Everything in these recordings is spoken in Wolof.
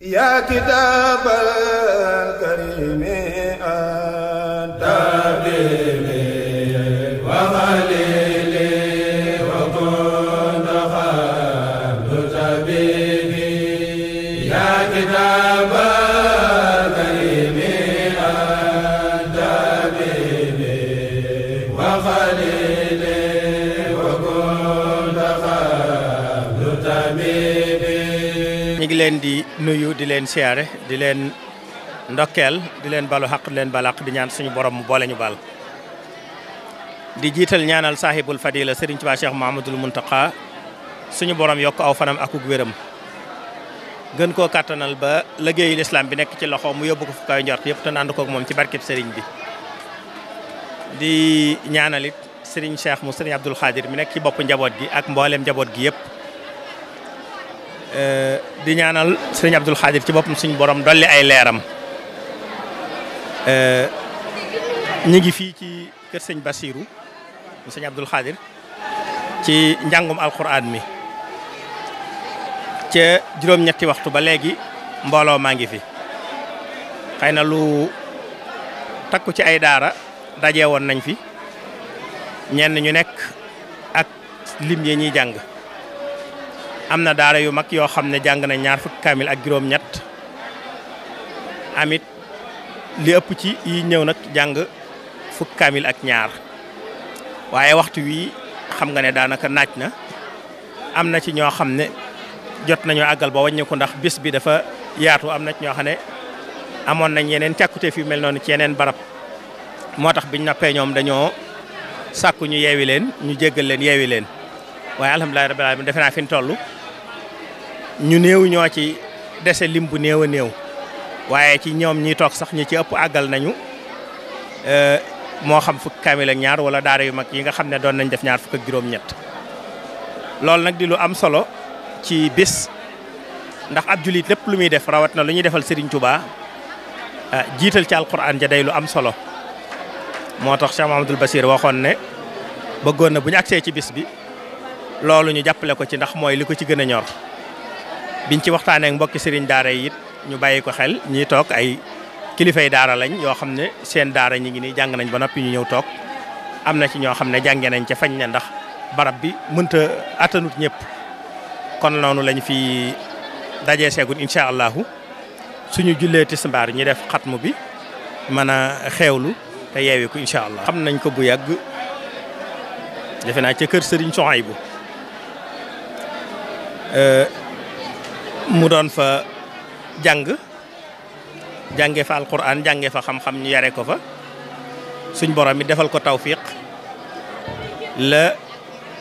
yaa kitaabal karimi Amiin ñi ngi leen di nuyu di leen siyaare di leen ndokkeel di leen balu xaq di leen balaq di ñaan suñu borom mu boole ñu bal di jiital ñaanal saahibul fadila Serigne Touba Cheikh Mahamadul Muntaqa suñu borom yokk aw fanam akuk wéram gën koo kattanal ba liggéeyu lislaam bi nekk ci loxo mu yóbbu ko fu njort yëpp te ànd koog moom ci barkeb Serigne bi di ñaanalit Serigne Cheikh mu Serigne Abdoul Khadir mi nekk ci bopp njaboot gi ak mboolem njaboot gi yëpp Eh, di ñaanal sëñ Abdul Xaadir ci boppam suñu borom dolli ay leeram eh, ñu ngi fii ci kër sëñ Basiiru mu sëñ Abdul Xaadir ci njàngum alquran mi ca juróom-ñetti waxtu ba léegi mbooloo maa ngi fi xëy na lu takku ci ay daara daje woon nañ fi ñenn ñu nekk ak lim yi ñuy jàng am na daara yu mag yoo xam ne jàng na ñaar fukki kaamil ak juróom-ñett amit li ëpp ci yi ñëw nag jàng fukki kaamil ak ñaar waaye waxtu wi xam nga ne daanaka naaj na am na ci ñoo xam ne jot nañoo àggal ba wàññi ko ndax bis bi dafa yaatu am na ci ñoo xam ne amoon nañ yeneen càkkuteef yu mel noonu ci yeneen barab moo tax biñ noppee ñoom dañoo sàkku ñu yeewi leen ñu jéggal leen yeewi leen waaye alhamdulilah rabbil alamin defe naa fi ñu toll ñu néew ñoo ci dese lim bu néew a néew waaye ci ñoom ñi toog sax ñi ci ëpp àggal nañu e, moo xam fukk kaamil ñaar wala daara yu mag yi nga xam ne doon nañ def ñaar fukk ak juróom-ñett loolu nag di lu am solo ci bis ndax ab julit lépp lu muy def rawat na lu ñuy defal Serigne Touba e, jiital ci alquran ja day lu am solo moo tax Cheikh Mahamadul Basir waxoon ne bëggoon na bu ñu agsee ci bis bi loolu ñu jàppale ko ci ndax mooy li ko ci gën a ñor. biñ ci waxtaanee ak mbokki sëriñ daara yi ñu bàyyi ko xel ñi toog ay kilifay daara lañ yoo xam ne seen daara ñi ngi nii jàng nañ ba noppi ñu ñëw toog am na ci ñoo xam ne jàngee nañ ca fañ ne ndax barab bi mënta attanut ñëpp kon noonu lañ fi dajee seegun incha allahu suñu jullee tismbaar ñi def xatmu bi mën a xeewlu te yeewi ko incha allah. xam nañ ko bu yàgg defe naa ca kër Serigne Soxaybu euh, mu doon fa jàng jàngee fa alquran jànge fa xam-xam ñu yare ko fa suñ borom mi defal ko tawfiq la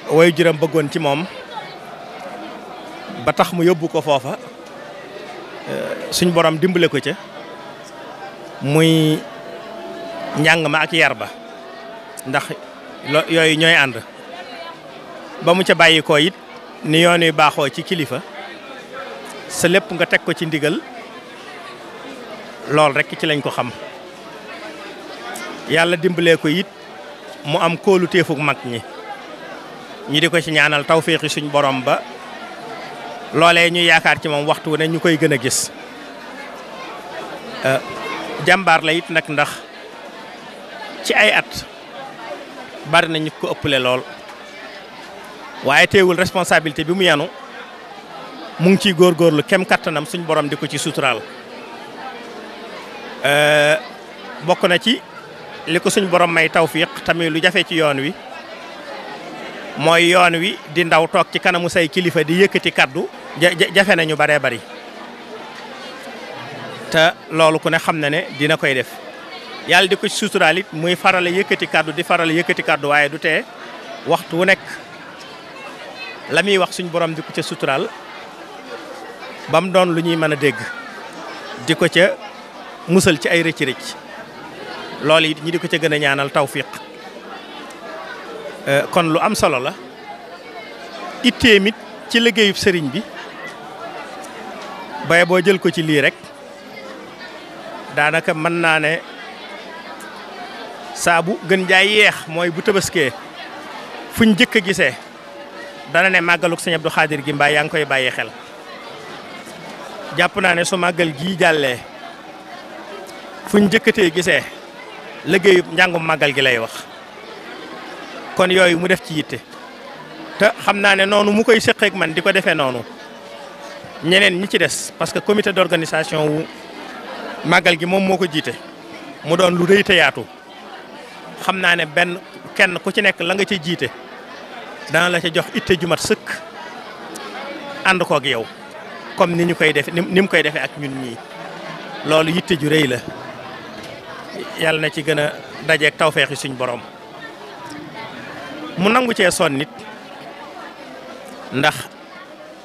way juram bëggoon ci moom ba tax mu yóbbu ko foofa suñ borom dimbale ko ca muy njàng ma ak yar ba ndax yooyu ñooy ànd ba mu ca bàyyi ko it ni yoon yu baaxoo ci kilifa sa lépp nga teg ko ci ndigal lool rekk ci lañ ko xam yàlla dimbalee ko it mu am kóolu téefuk mag ñi ñu di ko ci ñaanal tawféexi suñ borom ba loolee ñu yaakaar ci moom waxtu ne ñu koy gën a gis euh, jàmbaar la it nag ndax ci ay at bari na ko ëppale lool waaye teewul responsabilité bi mu yanu mu ngi ciy góorgóorlu kem kattanam suñ borom di ko ci suturaal euh, bokk na ci li ko suñ borom may tawfiq tamit lu jafe ci yoon wi mooy yoon wi di ndaw toog ci kanamu say kilifa di yëkkati kaddu jafe nañu baree bari te loolu ku ne xam ne ne dina koy def yàlla di ko ci suturaal muy faral yëkkati kaddu di faral yëkkati kaddu waaye du te waxtu wu nekk la muy wax suñ borom di ko ca suturaal ba mu doon lu ñuy mën a dégg di ko ca musal ci ay rëcc-rëcc loolu it ñi di ko ca gën a ñaanal tawfiq euh, kon lu am solo la itteem it ci liggéeyub sëriñ bi bay boo jël ko ci lii rek daanaka mën naa ne saabu gën jaay yeex mooy bu tabaskee fuñ njëkk a gisee dana ne màggaluk sëñ Abdou Khadir gi mbaa yaa ngi koy bàyyi xel jàpp naa ne su màggal gii jàllee fu ñu njëkkatee gisee liggéeyub njàngum màggal gi lay wax kon yooyu mu def ci yitte te xam naa ne noonu mu koy seqeek man di ko defee noonu ñeneen ñi ci des parce que comité d'organisation wu màggal gi moom moo ko jiite mu doon lu rëy te yaatu xam naa ne benn kenn ku ci nekk la nga ca jiite dana la ci jox itte ju mat sëkk ànd koog yow comme ni ñu koy def ni mu koy defee ak ñun ñii loolu yitte ju rëy la yàlla na ci gën a dajeeg tawfeex yi suñ boroom mu nangu cee sonn nit ndax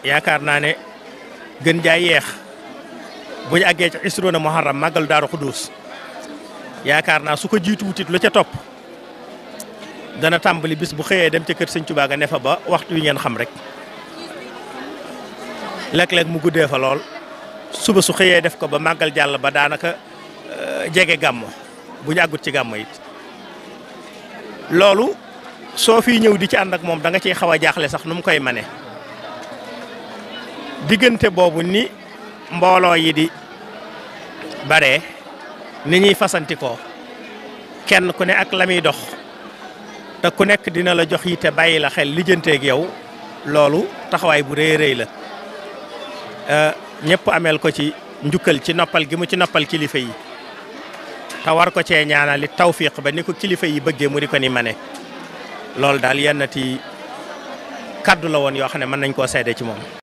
yaakaar naa ne gën jaay yeex bu ñu àggee ci isrona muharram màggal daaru xudduus yaakaar naa su ko jiitu wutit lu ca topp dana tàmbali bis bu xëyee dem ca kër sëñ Tuubaa ga ne fa ba waxtu wi ngeen xam rek léeg-léeg mu guddee fa lool suba su xëyee def ko ba màggal jàll ba daanaka euh, jege gàmm bu ñu ci gàmm it loolu soo fi ñëw di ci ànd ak moom danga nga ciy xaw a jaaxle sax nu mu koy mane diggante boobu ni mbooloo yi di bare ni ñuy fasantikoo kenn ku ne ak la muy dox te ku nekk dina la jox te bàyyi la xel lijjanteeg yow loolu taxawaay bu rëy rëy la Euh, ñëpp ameel ko ci njukkal ci noppal gi mu ci noppal kilifa yi te war ko cee ñaanali tawfiq ba ni ko kilifa yi bëggee mu di ko ni mane loolu daal yenn ti kaddu la woon yoo xam ne mën nañ koo seede ci moom